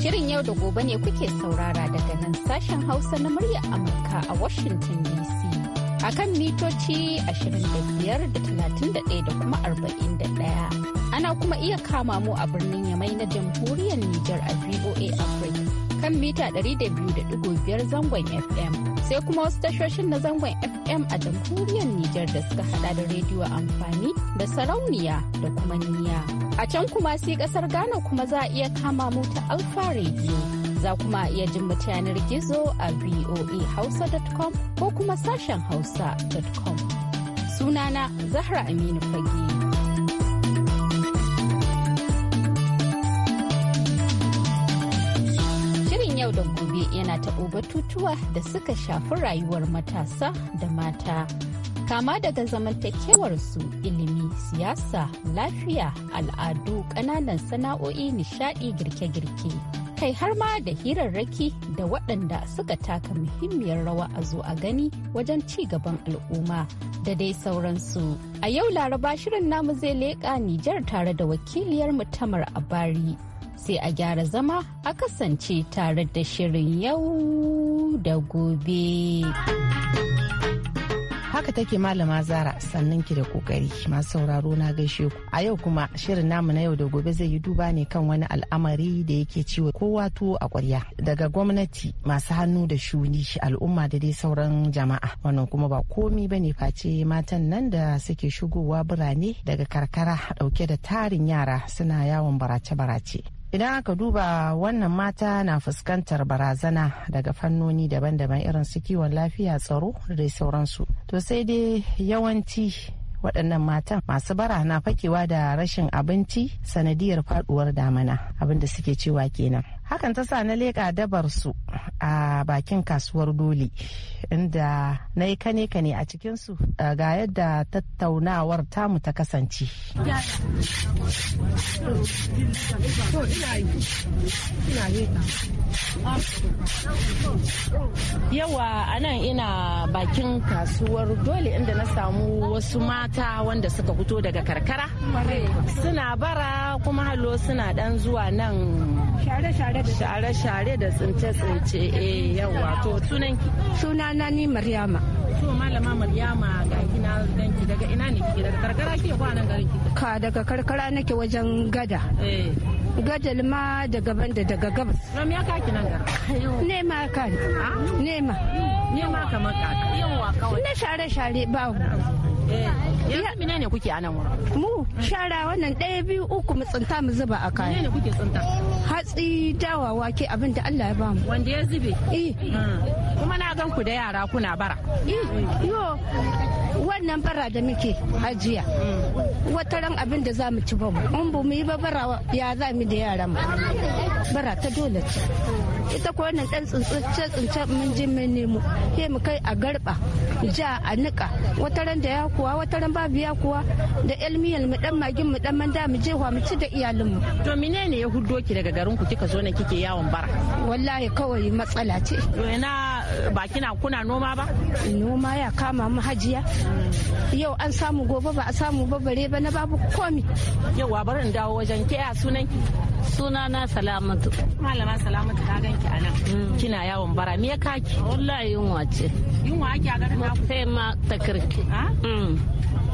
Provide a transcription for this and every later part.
Shirin yau da gobe ne kuke saurara daga nan sashen Hausa na murya Amurka a Washington DC. A kan mitoci 25 da 31 da kuma 41. ana kuma iya kama mu a birnin yamai na jamhuriyar Nijar a VOA Africa kan mita 200.5 zangon FM. sai kuma wasu tashoshin na zangon FM a jamhuriyar Nijar da suka hada da rediyo amfani da sarauniya da kuma niya. A can kuma sai kasar Ghana kuma za a iya kama mu ta Alfa Radio. Za kuma iya jin mu yanar gizo a voahausa.com ko kuma sashen hausa.com. Sunana Zahra Aminu Fage. yana taɓo batutuwa da suka shafi rayuwar matasa da mata. Kama daga zamantakewarsu ilimi, siyasa, lafiya, al'adu, ƙananan sana'o'i, nishaɗi, girke-girke. kai har ma da hirarraki da waɗanda suka taka muhimmiyar rawa a zo a gani wajen ci gaban al'umma da dai sauransu. A yau laraba shirin namu zai leƙa Nijar tare da wakiliyar mutamar a bari sai a gyara zama a kasance tare da shirin yau da gobe. Haka take malama Zara sannan ki da kokari masu sauraro na gaishe ku. A yau kuma shirin namu na yau da gobe zai yi duba ne kan wani al'amari da yake ciwo kowa tuwo a ƙwarya daga gwamnati masu hannu da shuni al'umma da dai sauran jama'a. Wannan kuma ba komi ba ne face matan nan da suke shigowa birane daga karkara dauke da tarin yara suna yawon barace-barace. idan aka duba wannan mata na fuskantar barazana daga fannoni daban-daban irin su kiwon lafiya tsaro da dai sauransu to sai dai yawanci waɗannan matan masu bara na fakewa da rashin abinci sanadiyar faduwar damana abinda suke cewa kenan hakan ta sa na leƙa dabar su a bakin kasuwar dole inda na yi kane kane a cikinsu ga yadda tattaunawar tamu ta kasance yawa a nan ina bakin kasuwar dole inda na samu wasu mata wanda suka fito daga karkara suna bara kuma halo suna dan zuwa nan share-share da share-share da tsince-tsince eh yawa to sunan ki suna na ni maryama to malama maryama ga kina danki daga ina ne kike daga karkara ke kwanan garin ki ka daga karkara nake wajen gada eh gadal ma da gaban daga gabas. Ram ya kaki nan gara. Ne ma ka ne. Ah? Ne ma. Ne ma kamar ka. Yawa kawai. Na share share ba. yanzu eh, mina ne kuke anan wurin mu shara wannan ɗaya biyu uku mu tsinta mu zuba a kaya ne kuke tsinta hatsi dawa wake abin da Allah ya ba mu wanda ya zube eh hmm. kuma na gan ku da yara kuna bara eh yo wannan bara da muke ajiya hmm. wata ran abin da za mu ci bamu in ba mu yi ba bara ya za mu da yara mu bara ta dole ce ita ko wannan ɗan tsuntsunce tsunce mun ji mun nemo sai mu kai a garba ja a nika wata ran da ya kuwa wata ran babiya biya kuwa da elmiyal mu dan magin mu dan manda mu je mu ci da iyalin mu to menene ya huddo ki daga garin ku kika zo ne kike yawon bara wallahi kawai matsala ce to ina ba kina kuna noma ba noma ya kama mu hajiya yau an samu gobe ba a samu ba bare ba na babu komi yau wa barin dawo wajen ke a sunan ki suna na salamatu malama salamatu ta ganki a nan mm. kina yawon bara me kaki wallahi yunwa ce yunwa ake a garin naku sai ma takirki ah? mm.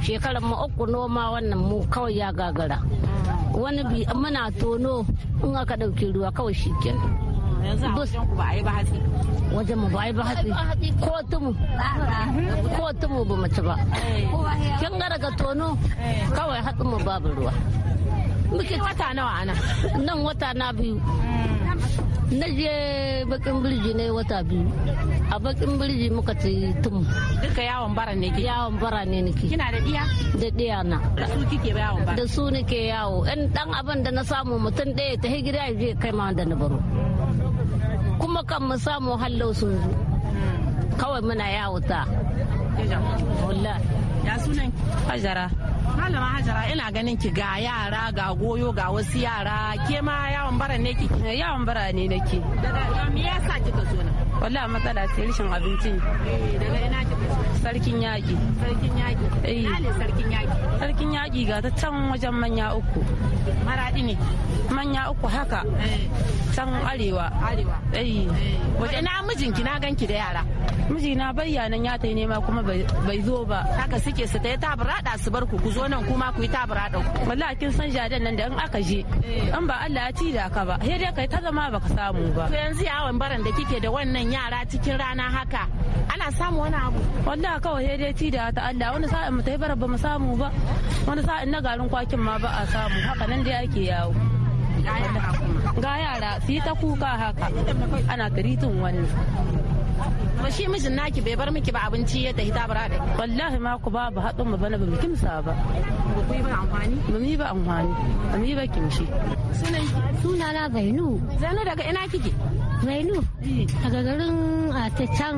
shekarar mu uku noma wannan mu kawai ya gagara mm. wani bi muna tono in aka ɗauki ruwa kawai shi kenan yanzu a mu ba ba hatsi ko tumu ko tumu ba mace ba kin ga daga tono kawai hatsin mu babu ruwa muke wata nawa ana nan wata na biyu hmm. na je bakin birji ne wata biyu a bakin birji muka ci tumu. duka yawon bara ne ke yawon bara ne nake kina da diya da diya na da su kike yawon bara da su nake yawo in dan abin da na samu mutum daya ta hijira ya je kai ma da na baro kan mu samu hallo sun zo kawai muna yawuta wallahi ya sunan hajara malama hajara ina ganin ki ga yara ga goyo ga wasu yara ke ma yawon bara ne ki eh, yawon bara ne nake daga me yasa kika zo na wallahi matsala ce rishin abinci eh, daga ina kika zo sarkin yaƙi sarkin yaƙi eh sarkin yaƙi sarkin yaƙi ga ta can wajen manya uku maradi ne manya uku haka eh. can arewa arewa eh, eh. wajen na mijinki na ganki da yara mijina bayyanan ya ta nema kuma bai zo ba haka suke su ta yi tabarada su bar ku ku zo nan kuma ku yi tabarada ku wallahi kin san jadan nan da in aka je in ba Allah ya ci da ka ba sai dai kai ta zama baka samu ba to yanzu yawon baran da kike da wannan yara cikin rana haka ana samu wani abu wallahi kawai sai dai ci da ta Allah wani sa'in mu ta yi bara ba mu samu ba wani sa'in na garin kwakin ma ba a samu haka nan dai ake yawo ga yara su yi ta kuka haka ana tiritin wani ba shi mijin naki bai bar miki ba abinci ya tafi tabara da wallahi ma ku babu haɗin mu bana ba mu kimsa ba ba ku yi ba amfani ba mu yi ba amfani ba mu yi ba kimshi suna na zainu zainu daga ina kike zainu eh. daga garin ah, a can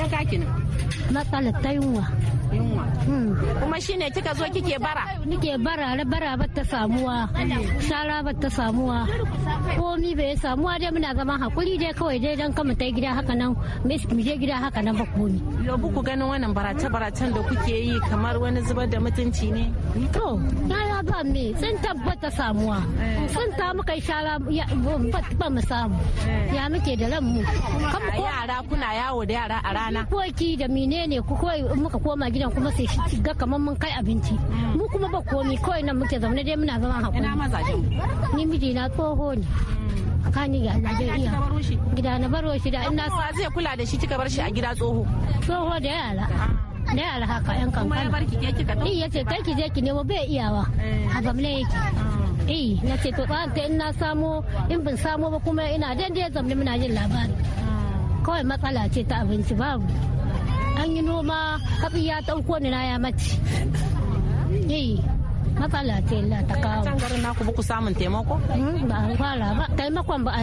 ya kaki na matsalar taiwa yunwa hmm. kuma shine kika zo kike bara nike bara na bara ba ta samuwa shara ba ta samuwa komi bai samuwa dai muna zama hakuri dai kawai dai dan kama ta gida haka nan mu je gida haka nan ba komi yo ku ganin wannan barace baracen da kuke yi kamar wani zubar da mutunci ne to ya ba me sun tabbata samuwa eh. sun ta muka shara ba mu samu eh. ya muke da ran mu yara kuna yawo da yara a rana koki da menene ku kawai muka koma gida nan kuma sai shi ga kamar mun kai abinci mm. mu kuma ba komi kawai nan muke zaune dai muna zama hakuri ina mazajen ni miji na tsoho ne mm. kani ga Allah dai iya gida na baro shi da ina sa zai kula da shi kika bar shi a gida tsoho tsoho da yara ah. da yara haka yan kan kuma ya barki ke kika to iya eh, ce kai ki je ki nemo bai iyawa eh. a gamle yake ah. eh na ce to ba ta in na samo in bin samu ba kuma ina dan dai zamne muna jin labari ah. kawai matsala ce ta abinci babu an yi noma hatsi ya ɗauko ni na ya mace matsala ce Allah ta kawo. Can garin naku ba ku samun taimako? Hmm, ba an fara ba. Taimakon ba a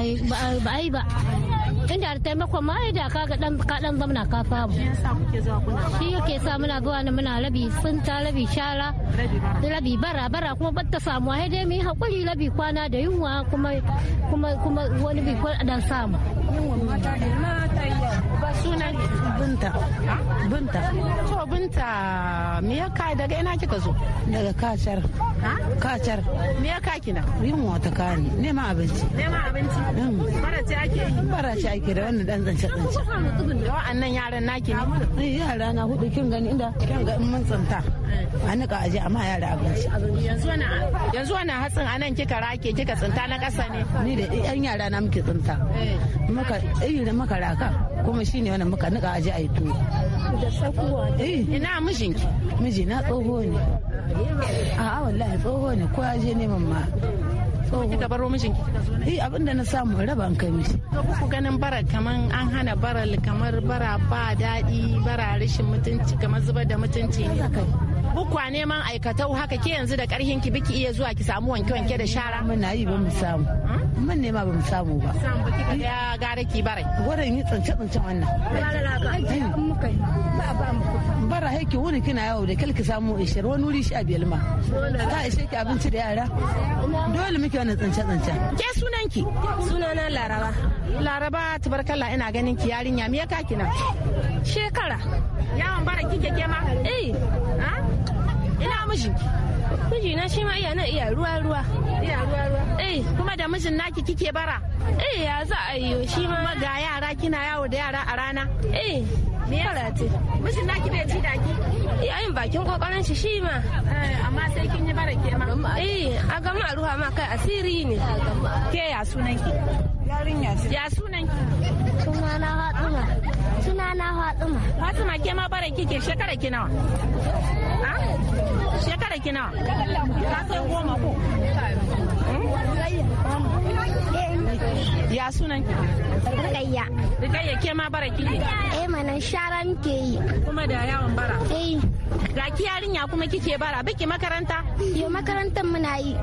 yi ba. Inda da taimakon ma da ka ga dan ka dan zamna ka samu. Shi yake sa muna zuwa nan muna rabi ta rabi shara rabi bara bara kuma ba ta samu ai dai mu yi hakuri rabi kwana da yunwa kuma kuma kuma wani bi dan samu. Yunwa mata da mata ba sunan binta binta to binta me ya kai daga ina kika zo daga kasar kacar me ya kaki na yin wata kani ma abinci ma abinci mm. barace ake yi barace ake da wannan dan zance zance da wa'annan yaran naki ne eh, yara na hudu kin gani inda kin ga mun tsinta eh. a nika aje amma yara abinci yanzu wana yanzu wana hatsin anan kika rake kika tsinta na kasa ne ni da yan yara na muke tsinta eh. muka da muka raka kuma shine wannan muka nika aje ayi tuwo da tsakuwa ina mijinki miji na tsoho ne a'a wallahi ne tsoho ne ko aje ne ma. tsoho kika baro mijin ki kika zo ne eh abinda na samu raba an kai mishi to ku ganin bara kaman an hana baral kamar bara ba daɗi bara rashin mutunci kamar zubar da mutunci ne bukwa neman aikatau haka ke yanzu da karhin ki biki iya zuwa ki samu wanke wanke da shara na yi ba mu samu mun nema ba mu samu ba ya gare ki bare gwaran yi tsance tsance wannan bara ki wuni kina yawo da kalki samu 20 wani wuri shi a belma ta ishe ki abinci da yara dole muke wannan tsance tsance ke sunan ki sunana laraba laraba tabarkalla ina ganin ki yarinya me ya kaki na shekara yawon bara kike kema eh miji na shi ma iya nan iya ruwa ruwa iya ruwa ruwa eh kuma da mijin naki kike bara eh ya za a yi shi ma ga yara kina yawo da yara a rana eh me ya rate mijin naki bai da ki iya yin bakin kokarin shi shi ma eh, amma sai kin yi bara ke ma eh a gama a ruwa ma kai asiri ne ke ya sunan ki yarinya ce ya sunan ki sunana Fatima sunana Fatima Fatima ke ma bara kike shekara ki nawa Shekara kina? ka san goma ko? Ya sunan ki? Rikayya. Rikayya ke ma bara kike? Eh mana shara ke yi. Kuma da yawon bara? Eh. Ga ki yarinya kuma kike bara biki makaranta? Yo makarantar muna yi.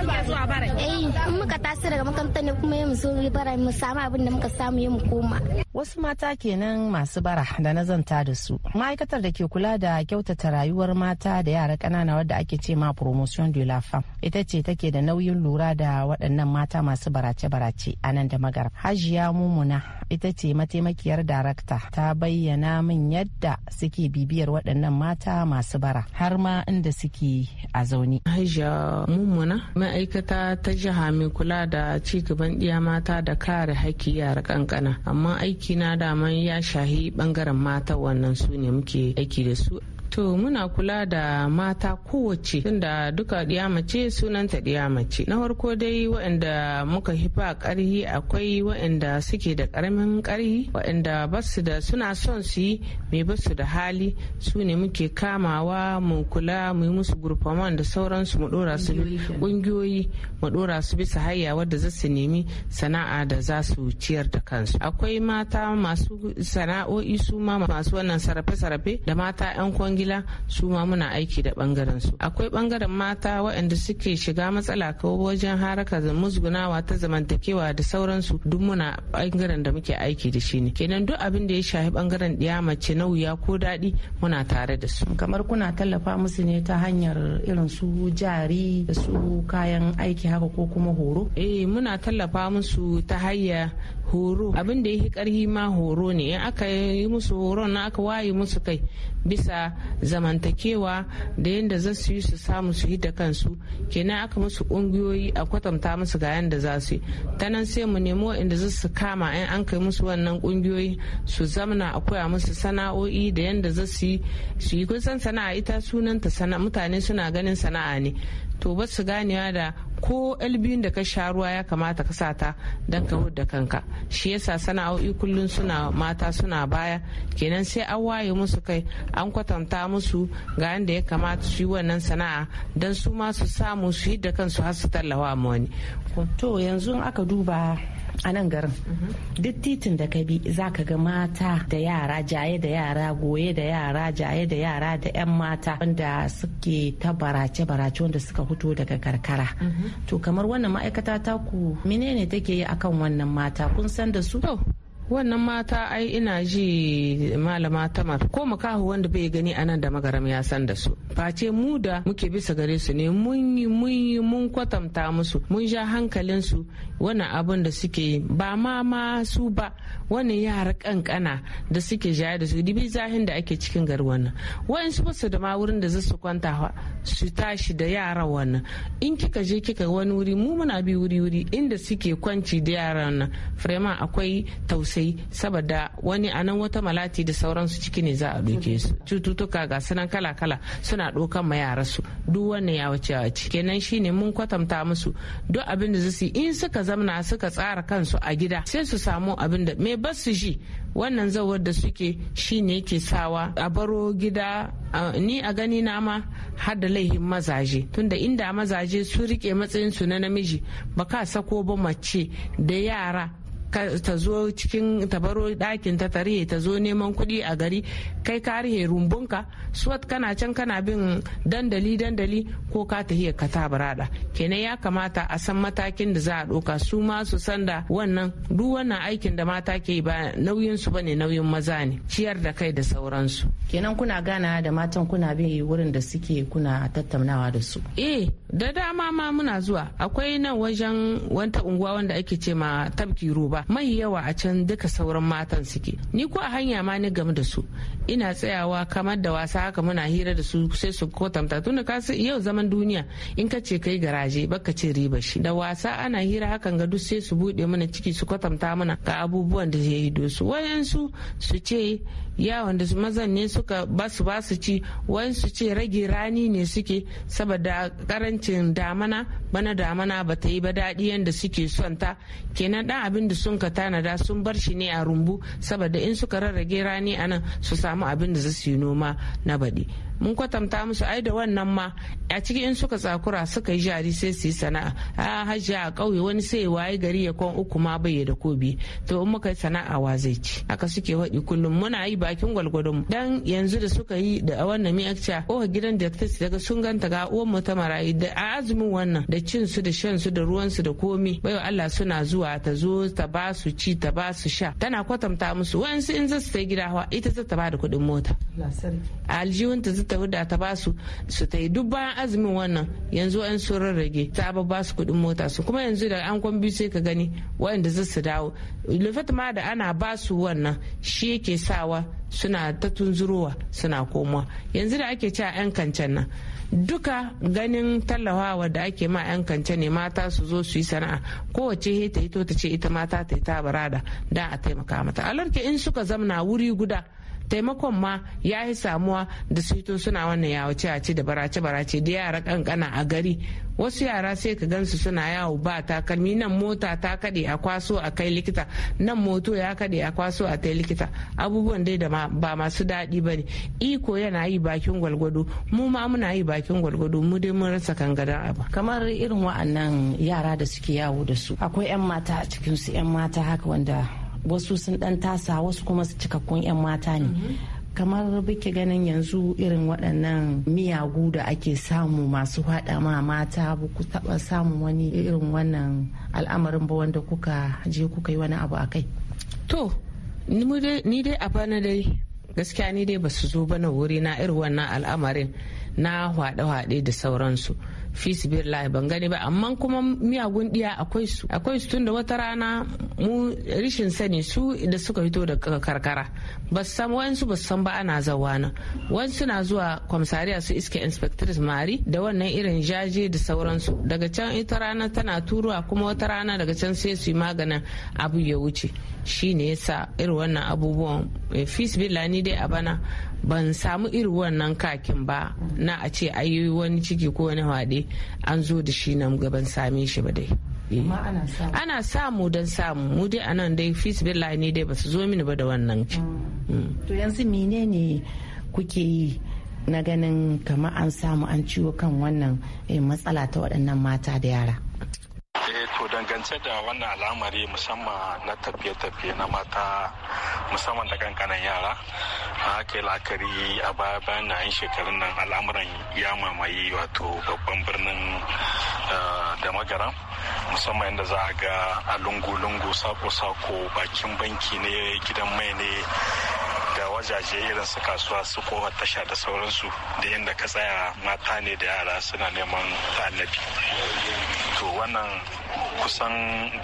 Eh, in muka taso daga makaranta ne kuma yi mu zo bara mu samu abin da muka samu yi mu koma. wasu mata kenan masu bara da na zanta da su ma'aikatar da ke kula da kyautata rayuwar mata da yara ƙanana wadda ake ce ma promotion de la femme ita ce take da nauyin lura da waɗannan mata masu barace-barace a nan da magar hajiya mumuna ita ce mataimakiyar darakta ta bayyana min yadda suke bibiyar waɗannan mata masu bara har ma inda suke a zaune hajiya mumuna ma'aikata ta jiha mai kula da cigaban ɗiya mata da kare haƙƙi yara ƙanƙana amma aiki aiki na daman ya shahi bangaren mata wannan su ne muke aiki da su To muna kula da mata kowace tunda duka ɗiya sunanta ɗiya Na farko dai waɗanda muka hifa ƙarhi akwai waɗanda suke da ƙaramin ƙarhi waɗanda basu da suna son su yi mai basu da hali su ne muke kamawa mu kula mu yi musu gurfaman da sauransu mu ɗora su ƙungiyoyi mu ɗora su bisa hayya wadda za su nemi sana'a da za su ciyar da kansu. Akwai mata masu sana'o'i su ma masu wannan sarafe-sarafe da mata 'yan kwangi kwangila su ma muna aiki da bangaren su akwai bangaren mata waɗanda suke shiga matsala ko wajen haraka da musgunawa ta zamantakewa da sauransu duk muna bangaren da muke aiki da shi ne kenan duk abin da ya shafi bangaren ɗiya mace na wuya ko daɗi muna tare da su kamar kuna tallafa musu ne ta hanyar irin su jari da su kayan aiki haka ko kuma horo eh muna tallafa musu ta haya horo abin da ya fi karhi ma horo ne in aka yi musu horo na aka waye musu kai bisa zamantakewa da yadda za su yi su samu su yi da kansu kenan aka musu ƙungiyoyi a kwatanta musu ga yadda za su yi ta nan sai mu nemo inda za su kama in an kai musu wannan kungiyoyi su zamna a koya musu sana'o'i da yadda za su yi su yi kusan sana'a ita sunanta mutane suna ganin sana'a ne to ba su ganewa da ko albiyun da ka sha ruwa ya kamata ka sata don ka da kanka shi yasa sana'o'i kullum suna mata suna baya kenan sai an waye musu kai an kwatanta musu ga yadda ya kamata su yi wannan sana'a don su ma su samu su yi da kansu har su tallawa wani to yanzu aka duba a nan garin duk titin da ka bi za ka ga mata da yara jaye da yara goye da yara jaye da yara da 'yan mata wanda suke ta barace barace wanda suka fito daga karkara to kamar wannan ma'aikata ta ku menene take yi akan wannan mata kun san da su wannan mata ai ina ji malama tamar ko makahu wanda bai gani anan da magaram ya san da su face mu da muke bisa gare su ne mun yi mun yi mun kwatanta musu mun ja hankalin su wannan abin da suke yi ba ma ma su ba Wannan yara kankana da suke jaya da su dibi zahin da ake cikin gari wannan su basu da ma wurin da zasu kwanta su tashi da yara wannan in kika je kika wani wuri mu muna bi wuri wuri inda suke kwanci da yaran nan firema akwai tausayi saboda wani anan wata malati da sauransu ciki ne za a doke su cututtuka ga sunan kala kala suna dokan ma yara su duk wannan ya a wace kenan shine mun kwatanta musu duk abin da su in suka zamna suka tsara kansu a gida sai su samu abin da me ba su ji wannan zawar da suke shine yake sawa a baro gida ni a gani na ma har da laihin mazaje tunda inda mazaje sun rike matsayin su na namiji ba ka sako ba mace da yara ta zo cikin tabaro ɗakin ta tarihe ta zo neman kuɗi a gari kai ka rihe rumbunka suwat kana can kana bin dandali dandali ko ka ta ka ta burada kenan ya kamata a san matakin da za a ɗauka su ma su san da wannan duk wannan aikin da mata ke ba nauyin su bane nauyin maza ne ciyar da kai da sauransu kenan kuna gana da matan kuna bin wurin da suke kuna tattaunawa da su eh da dama ma muna zuwa akwai nan wajen wata unguwa wanda ake ce ma tabki ruba ba mai yawa a can duka sauran matan suke ni ko a hanya ma ni game da su ina tsayawa kamar da wasa haka muna hira da su sai su tamta tunda ka yau zaman duniya in ka ce kai garaje baka ce riba shi da wasa ana hira hakan ga duk sai su bude mana ciki su kwatanta mana ga abubuwan da ya yi su wayansu su ce yawon da mazan ne suka basu basu ci wayansu ce rage rani ne suke saboda karancin damana bana damana ba ta yi ba daɗi yadda suke son ta kenan dan abin da su sun ka tanada sun bar shi ne a rumbu saboda in suka rarrage rani a nan su samu abin da zasu yi noma na baɗi mun kwatanta musu ai da wannan ma a ciki in suka tsakura suka yi jari sai su yi sana'a a hajji a ƙauye wani sai waye gari ya kwan uku ma bai da kobi to in muka yi sana'a wa zai ci haka suke waɗi kullum muna yi bakin gwalgwadon dan yanzu da suka yi da wannan mi akca ko oh, gidan da daga sun ganta ga uwan mu ta marayu da azumin wannan da cin su da shan su da ruwan su da komi bai Allah suna zuwa ta zo ta ba ba su ci ta ba su sha tana kwatanta musu wa'ansu in zasu su ta gida hawa ita zata ta ba da kuɗin mota aljihunta zata huda ta ba su su ta yi duk bayan azumin wannan yanzu an sun rarrage ta ba ba su kuɗin mota su kuma yanzu da an kwan biyu sai ka gani waɗanda zasu dawo lufat da ana ba su wannan shi yake sawa suna ta tunzurowa suna komowa yanzu da ake cewa 'yan kancan nan duka ganin tallafawa da ake ma 'yan kance ne mata su zo su yi sana'a kowace hita hito ta ce ita mata ta yi tabarada da a taimaka mata alarke in suka zamna wuri guda taimakon ma ya yi samuwa da su suna wannan yawace a ci da barace barace da yara kankana a gari wasu yara sai ka gansu suna yawo ba takalmi nan mota ta kaɗe a kwaso a kai likita nan moto ya kaɗe a kwaso a kai likita abubuwan dai da ba masu daɗi ba ne iko yana yi bakin gwalgwado mu ma muna yi bakin gwalgwado mu dai mun rasa kangada abu kamar irin wa'annan yara da suke yawo da su akwai 'yan mata a cikinsu 'yan mata haka wanda wasu sun dan tasa wasu kuma su cikakkun 'yan mata ne kamar biki ganin yanzu irin waɗannan miyagu da ake samu masu haɗa ma mata ba ku taɓa samun wani irin wannan al'amarin ba wanda kuka je kuka yi wani abu a kai to ni dai a bana dai gaskiya ni dai ba su zo bana wuri na irin wannan al'amarin na hwaɗe haɗe da sauransu fi sibirlahi ban gani ba amma kuma miyagun diya akwai su akwai su tun da wata rana mu rishin sani su da suka fito da karkara ba san wayansu ba san ba ana zawa nan wani suna zuwa kwamsariya su iske inspectors mari da wannan irin jaje da sauransu daga can ita rana tana turuwa kuma wata rana daga can sai su yi maganin abu ya wuce shine yasa irin wannan abubuwan eh, fisbilla ni dai a bana ban samu irin wannan kakin ba na a ce ayi wani ciki ko wani haɗe an zo da shi nan gaban same shi ba dai eh. ana samu don samu mu dai nan dai fis ne dai basu zo mini ba da wannan mm. Mm. to yanzu menene kuke yi na ganin kamar an samu an ciwo kan wannan eh, matsala ta waɗannan mata da yara To dangance da wannan al'amari musamman na tafiye-tafiye na mata musamman da kankanan yara a haka la'akari a baya bayan na yin shekarun nan al'amuran ya mamaye wato babban birnin da magara musamman yadda za a ga a lungu-lungu sako-sako bakin banki ne gidan mai ne da wajaje irin su kasuwa su kowa tasha da sauransu da yadda ka tsaya mata ne da yara suna neman tallafi to wannan kusan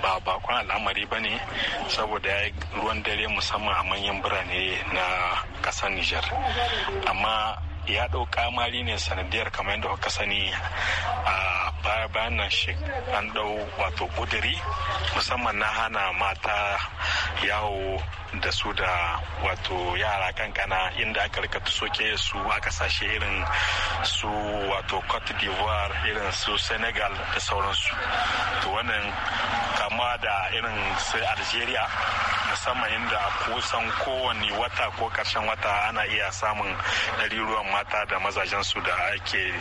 ba bakon al'amari ba ne saboda ya yi ruwan dare musamman a manyan birane na ƙasar Nijar. Amma ya ɗau kamari ne sanadiyar kamar yadda kuka sani a baya bayan nan shi an ɗau wato ƙuduri musamman na hana mata yawo da su da wato yara kankana inda aka rika soke su a kasashe irin su wato cote d'ivoire irin su senegal da sauransu to wannan kama da irin su algeria musamman inda kusan kowane wata ko karshen wata ana iya samun ɗariruwan mata da mazajen su da ake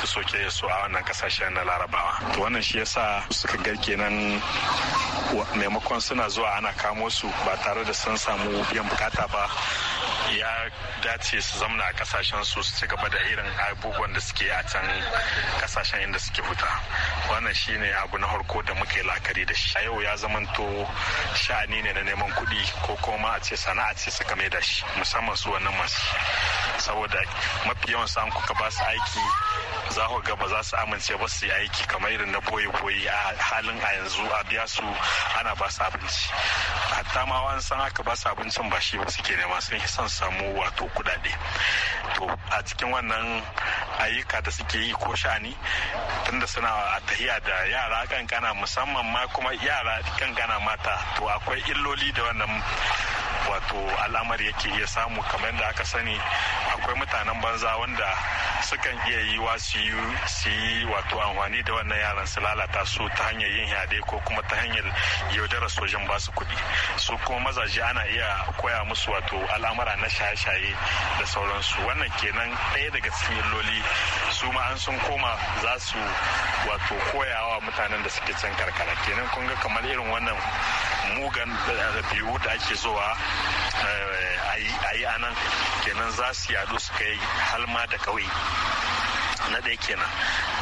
tusoke su a wannan kasashen na larabawa to wannan shi yasa suka garke nan maimakon suna zuwa ana kamo su ba tare da sun samu biyan bukata ba ya dace su zamna a kasashen su su ci gaba da irin abubuwan da suke a can kasashen inda suke huta wannan shine abu na harko da muke la'akari da shi a yau ya zamanto sha'ani ne na neman kuɗi ko kuma a ce sana'a ce suka mai da shi musamman su wannan masu saboda mafi yawan sa kuka ba su aiki za ku ga ba za su amince ba su yi aiki kamar irin na boye-boye a halin a yanzu a biya su ana ba su abinci hatta ma wani san aka ba su abincin ba shi ba suke nema sun samu wato kudade to a cikin wannan ayyuka da suke yi ko shani tunda suna tahiya da yara kankana musamman ma kuma yara kankana mata to akwai illoli da wannan wato al'amari yake iya samu kamar da aka sani akwai mutanen banza wanda sukan iya yi wa su yi wato amfani da wannan yaran su lalata su ta hanyar yin yaɗe ko kuma ta hanyar yaudarar sojin ba su kuɗi su kuma mazaje ana iya koya musu wato alamara na shaye-shaye da sauransu wannan kenan ɗaya daga cikin illoli su ma an sun koma za su wato koyawa mutanen da suke can karkara kenan kun ga kamar irin wannan mugan da da ake zuwa Eh, a yi anan kenan za su yadu su kai halma da ƙauye na ɗaya kenan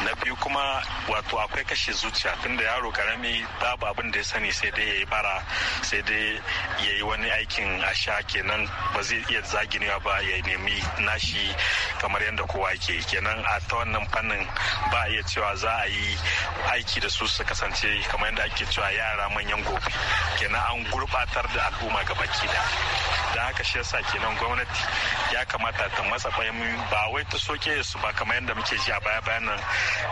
na biyu kuma wato akwai kashe zuciya tunda yaro karami babu abin da ya sani sai dai ya yi bara sai dai ya yi wani aikin asha kenan ba zai iya zaginewa ba ya nemi nashi kamar yadda kowa ke kenan a ta wannan fannin ba iya cewa za a yi aiki da su su kasance kamar yadda ake cewa yara manyan gobe kenan an gurbatar da al'umma baki da da haka shi yasa kenan gwamnati ya kamata ta matsa ba wai ta soke su ba kamar yadda muke ce ji a baya bayan nan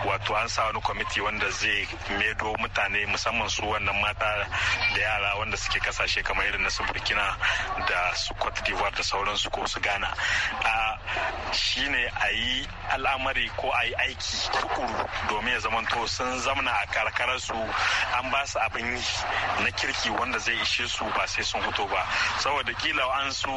wato an sa wani kwamiti wanda zai medo mutane musamman su wannan mata da yara wanda suke kasashe kamar irin na su burkina da su cote d'ivoire da sauransu ko su gana a shine a yi al'amari ko a yi aiki tukuru domin ya zamanto sun zamana a su an ba su abin yi na kirki wanda zai ishe su ba sai sun fito ba saboda kila an su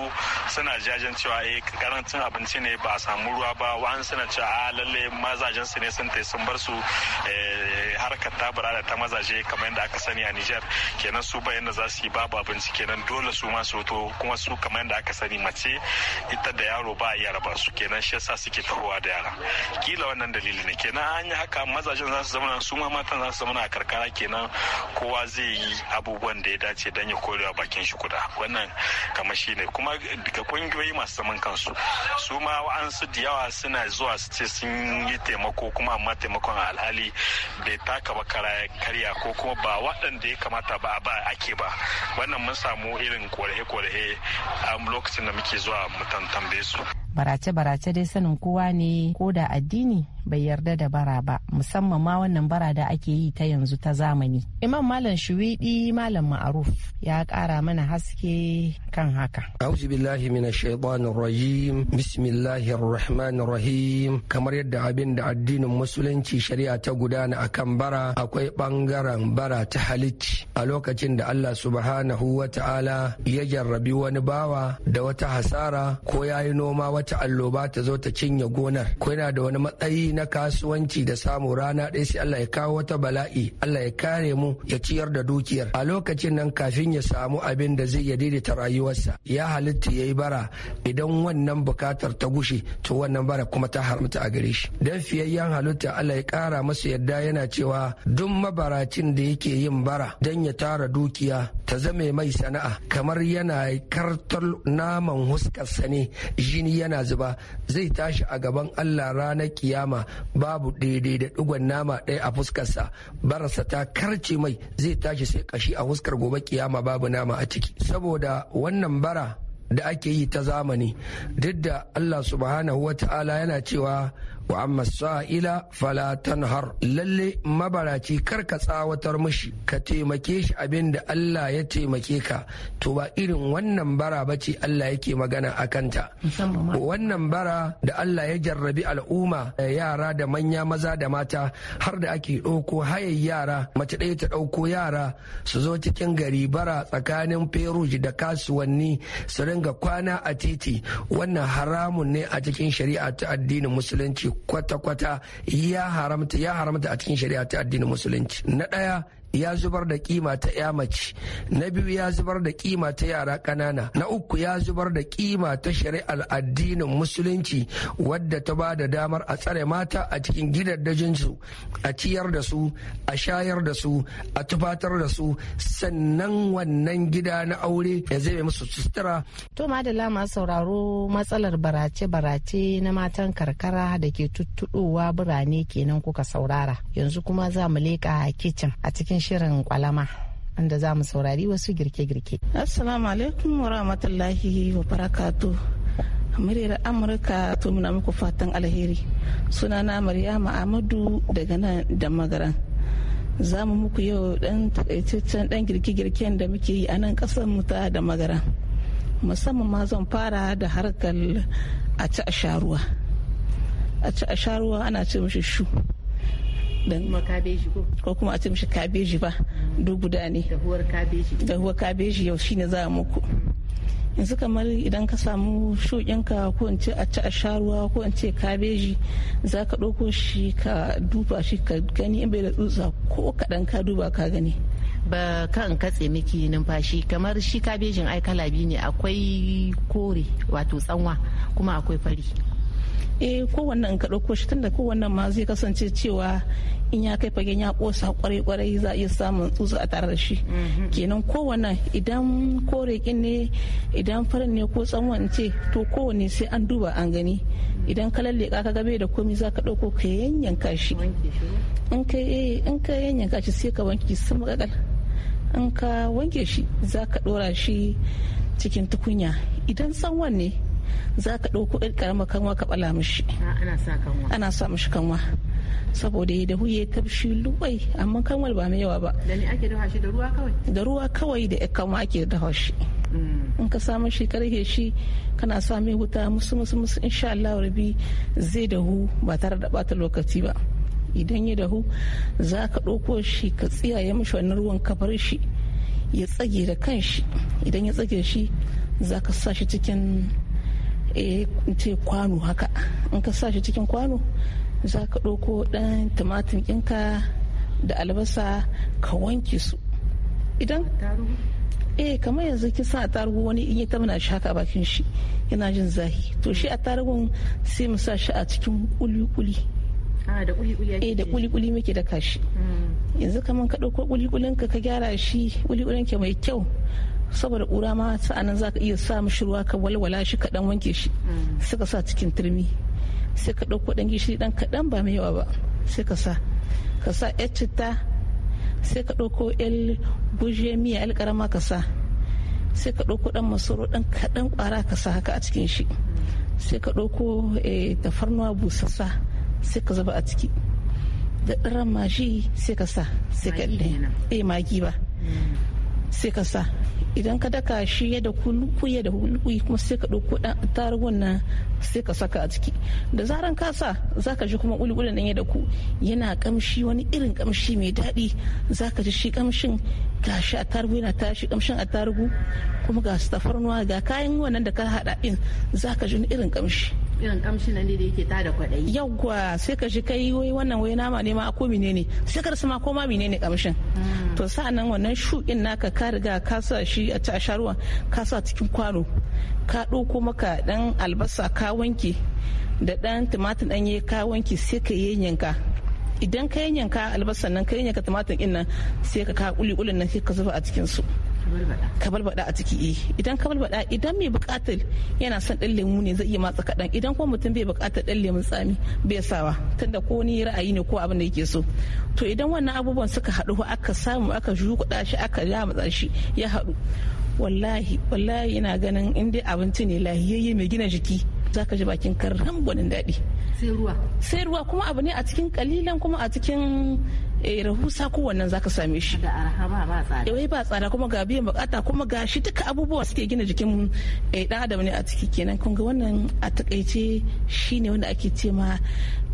suna jajen cewa eh karancin abinci ne ba a samu ruwa ba wa'an suna cewa ah, lalle mazajen su ne sun sun bar su eh, harkar ta da ta mazaje kamar yadda aka sani a Niger kenan su bayan da za su yi babu abinci kenan dole su ma su to kuma su kamar yadda aka sani mace ita da yaro ba yara ba su kenan shi yasa suke tahowa da yara kila wannan dalili ne kenan an yi haka mazajen za su zama su ma matan za su zama a karkara kenan kowa zai yi abubuwan da ya dace dan ya korewa bakin shi kuda wannan kamar shi ne kuma daga kungiyoyi masu zaman kansu su ma wa'ansu da yawa suna zuwa su ce sun yi taimako kuma amma taimakon alhali bai taka ba karya ko kuma ba waɗanda ya kamata ba ba ake ba wannan mun samu irin kwarhe-kwarhe a lokacin da muke zuwa mutan tambaye su barace-barace dai sanin kowa ne ko da addini bai yarda da bara ba musamman ma wannan bara da ake yi ta yanzu ta zamani imam malam shuwidi malam ma'aruf ya kara mana haske kan haka a'udhu billahi minash shaitanir rajim bismillahir rahmanir rahim kamar yadda abin da addinin musulunci shari'a ta gudana akan bara akwai bangaren bara ta halicci a lokacin da Allah subhanahu wa ta'ala ya jarrabi wani bawa da wata hasara ko yayi noma wata alloba ta zo ta cinye gonar ko yana da wani matsayi iri na kasuwanci da samu rana ɗaya sai Allah ya kawo wata bala'i Allah ya kare mu ya ciyar da dukiyar a lokacin nan kafin ya samu abin da zai daidaita rayuwarsa ya halitta ya yi bara idan wannan bukatar ta gushe to wannan bara kuma ta haramta a gare shi dan fiyayyen halitta Allah ya kara masa yadda yana cewa duk mabaracin da yake yin bara dan ya tara dukiya ta zame mai sana'a kamar yana kartar naman huskarsa ne jini yana zuba zai tashi a gaban Allah ranar kiyama nama babu daidai da digon nama ɗaya a fuskarsa barasa ta karce mai zai tashi sai kashi a fuskar gobe kiyama babu nama a ciki saboda wannan bara da ake yi ta zamani duk da Allah subhanahu wa ta'ala yana cewa wa amma sa'ila fala tanhar lalle mabaraci kar ka tsawatar mushi ka taimake shi abin da Allah ya taimake ka to ba irin wannan bara bace Allah yake magana a kanta wannan bara da Allah ya jarrabi al'umma yara da manya maza da mata har da ake ɗauko hayan yara mace ɗaya ta ɗauko yara su zo cikin gari bara tsakanin feruji da kasuwanni su ringa kwana a titi wannan haramun ne a cikin shari'a ta addinin musulunci kwata-kwata ya haramta a cikin shari'a ta addinin musulunci na ɗaya ya zubar da kima ta ya mace na biyu ya zubar da kima ta yara ƙanana na uku ya zubar da kima ta shari'ar addinin musulunci wadda ta ba da damar a tsare mata a cikin gidajensu a ciyar da su a shayar da su a tufatar da su sannan wannan gida na aure ya zai musu sutura. to madala masu sauraro matsalar barace-barace na matan karkara da ke tuttuɗowa birane kenan kuka saurara yanzu kuma za mu leƙa kicin a cikin cikin shirin kwalama inda za mu saurari wasu girke-girke. Assalamu alaikum wa rahmatullahi wa barakatu. Muryar Amurka to muna muku fatan alheri. Sunana Maryama Amadu daga nan da magaran. Za mu muku yau dan taƙaitaccen dan girke-girken da muke yi a nan kasar mu ta da magaran. Musamman ma zan fara da harkar a ci a sharuwa. A ci a sharuwa ana ce mishi shu. dan kabeji ko kuma a ce mishi kabeji ba duk guda ne dahuwar kabeji dahuwar kabeji yau shine za a muku yanzu kamar idan ka samu shukinka ko in ce a ci a sha ruwa ko in ce kabeji za ka ɗauko shi ka duba shi ka gani in bai da tsutsa ko kaɗan ka duba ka gani ba kan katse miki numfashi kamar shi kabejin ai kala biyu ne akwai kore wato tsanwa kuma akwai fari eh kowanne in ka ɗauko shi tunda kowanne ma zai kasance cewa in ya kai fagen ya kosa kwarai kwarai za a iya samun tsutsu a tare da shi mhm. kenan kowanne idan korekin ne idan farin ne ko tsanwan ce to kowanne sai an duba an gani idan ka lalle ka gabe da komi za ka ɗauko ka yanyanka shi in ka yanyanka shi sai ka wanke sama kakal in ka wanke shi za ka ɗora shi cikin tukunya idan tsanwan ne za ka ɗauko ɗin karama kanwa ka ɓala mishi ah, ana sa mishi kanwa saboda ya dahu ya kafshi luwai amma kanwal ba mai yawa ba da ruwa kawai da ruwa kanwa ake dafa shi mm. in ka samu shi karhe shi kana sa mai wuta musu musu musu insha Allah rabi zai dahu ba tare da bata lokaci ba idan ya dahu za ka ɗauko shi ka tsiyaye mishi wannan ruwan ka bar shi ya tsage da kanshi idan ya tsage shi za ka sa shi cikin Eh, ce kwano haka in ka sa shi cikin kwano za ka ɗauko ɗan tumatir ɗinka da albasa ka wanke su idan eh kamar yanzu kin san attarugu wani in ya muna shi haka bakin shi yana jin zahi to shi attarugun sai mu sa shi a cikin kuli-kuli ah, eh da kuli-kuli muke daka shi mm. yanzu kamar ka ɗauko kuli kulinka ka gyara shi kuli kulinka mai kyau saboda ƙura ma sa'anan za ka iya sa mishi ruwa ka walwala shi kaɗan wanke shi sai ka sa cikin turmi sai ka ɗauko ɗan gishiri ɗan kaɗan ba mai yawa ba sai ka sa ka sa yar citta sai ka ɗauko yar guje miya yar ƙarama ka sa sai ka ɗauko ɗan masoro ɗan kaɗan ƙwara ka sa haka a cikin shi sai ka ɗauko eh, tafarnuwa busassa sai ka zuba a ciki da ɗaran maji sai ka sa sai ka ɗaya eh magi ba mm. sai ka sa idan ka daka shi ya da ya da kuyi kuma sai ka ɗauko ɗan tarugun nan sai ka saka a ciki da zaran ka sa za ka ji kuma ƙuliƙulin nan ya da ku yana kamshi wani irin kamshi mai daɗi za ka ji shi kamshin ga shi a tarugu yana tashi kamshin a tarugu kuma ga tafarnuwa ga kayan wannan da ka haɗa ɗin zaka ka ji wani irin kamshi. irin kamshin nan da yake tada kwaɗayi. Yau kuwa sai ka shi kai wai wannan wai nama ne ma ko menene sai ka ma ko ma menene kamshin. Hmm. To sa'an nan wannan shuɗin naka ka riga ka sa shi a ta sharuwa ka sa cikin kwano ka ɗauko maka ɗan albasa ka wanke da ɗan tumatir ɗanye ka wanke sai ka yanyanka idan ka yanyanka albasan nan ka yanyanka tumatir ɗin nan sai ka ka ƙuli-ƙulin nan sai ka zuba a cikin su. ka balbada a ciki eh idan ka idan mai bukatar yana son dan lemu ne zai iya matsa kadan idan kuma mutum bai bukatar dan lemun tsami bai sawa tunda ko ni ra'ayi ne ko abin da yake so to idan wannan abubuwan suka haɗu aka samu aka jukuɗa shi aka lamatsa shi ya haɗu wallahi wallahi ina ganin in dai abinci ne lahiyayye mai gina jiki zaka ji bakin karan gwanin daɗi sai ruwa sai ruwa kuma abu ne a cikin kalilan kuma a cikin eh rahusa ko wannan zaka same shi da arha ba ba tsada eh ba tsada kuma ga biyan bukata kuma ga shi duka abubuwa suke gina jikin eh dan adam ne a ciki kenan kun ga wannan a takaice shine wanda ake ce ma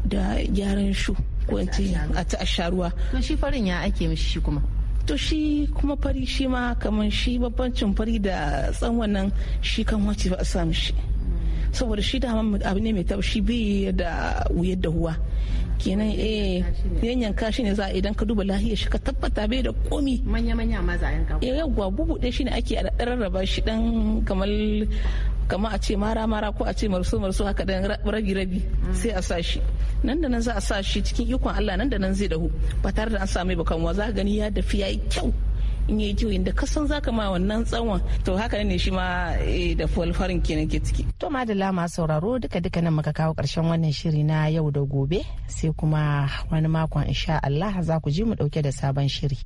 da gyaran shu ko in ce a ta asharuwa to shi farin ya ake mishi shi kuma to shi kuma fari shi ma kamar shi babbancin fari da tsan nan shi kan wace ba a sa mishi mm. saboda shi da abu ne mai taushi bai da wuyar da huwa kenan eh yan yanka ne za idan ka duba lahiyar shi ka tabbata bai da komi manya manya ma za yanka eh yawwa bubu ɗaya shine ake rarraba shi dan kamar kamar a ce mara mara ko a ce marso marso haka dan rabi rabi sai a sa shi nan da nan za a sa shi cikin ikon Allah nan da nan zai dahu ba tare da an samu bakanwa za gani ya dafi yayi kyau in yi juyin da kasan zaka ma wannan tsawon to haka ne shi ma eh, da farin kenan ke ciki to madalla ma sauraro duka duka nan muka kawo karshen wannan shiri na yau da gobe sai kuma wani makon insha Allah za ku ji mu dauke da sabon shiri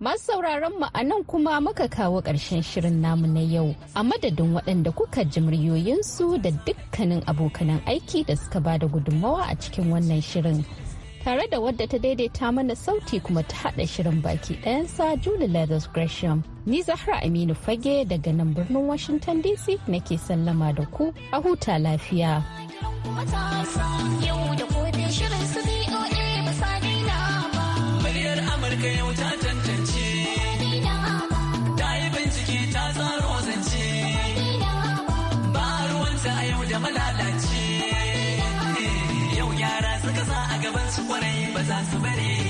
Masu sauraron mu a nan kuma muka kawo ƙarshen shirin namu na yau a madadin waɗanda kuka ji muryoyinsu da dukkanin abokanan aiki da suka bada gudunmawa a cikin wannan shirin. tare da wadda ta daidaita mana sauti kuma ta haɗa shirin baki ɗayansa Julie Leathers Gresham. Ni Zahra Aminu Fage daga nan birnin Washington DC nake sallama da ku a huta lafiya. Muryar Amurka yau ta kwarai ba za su bari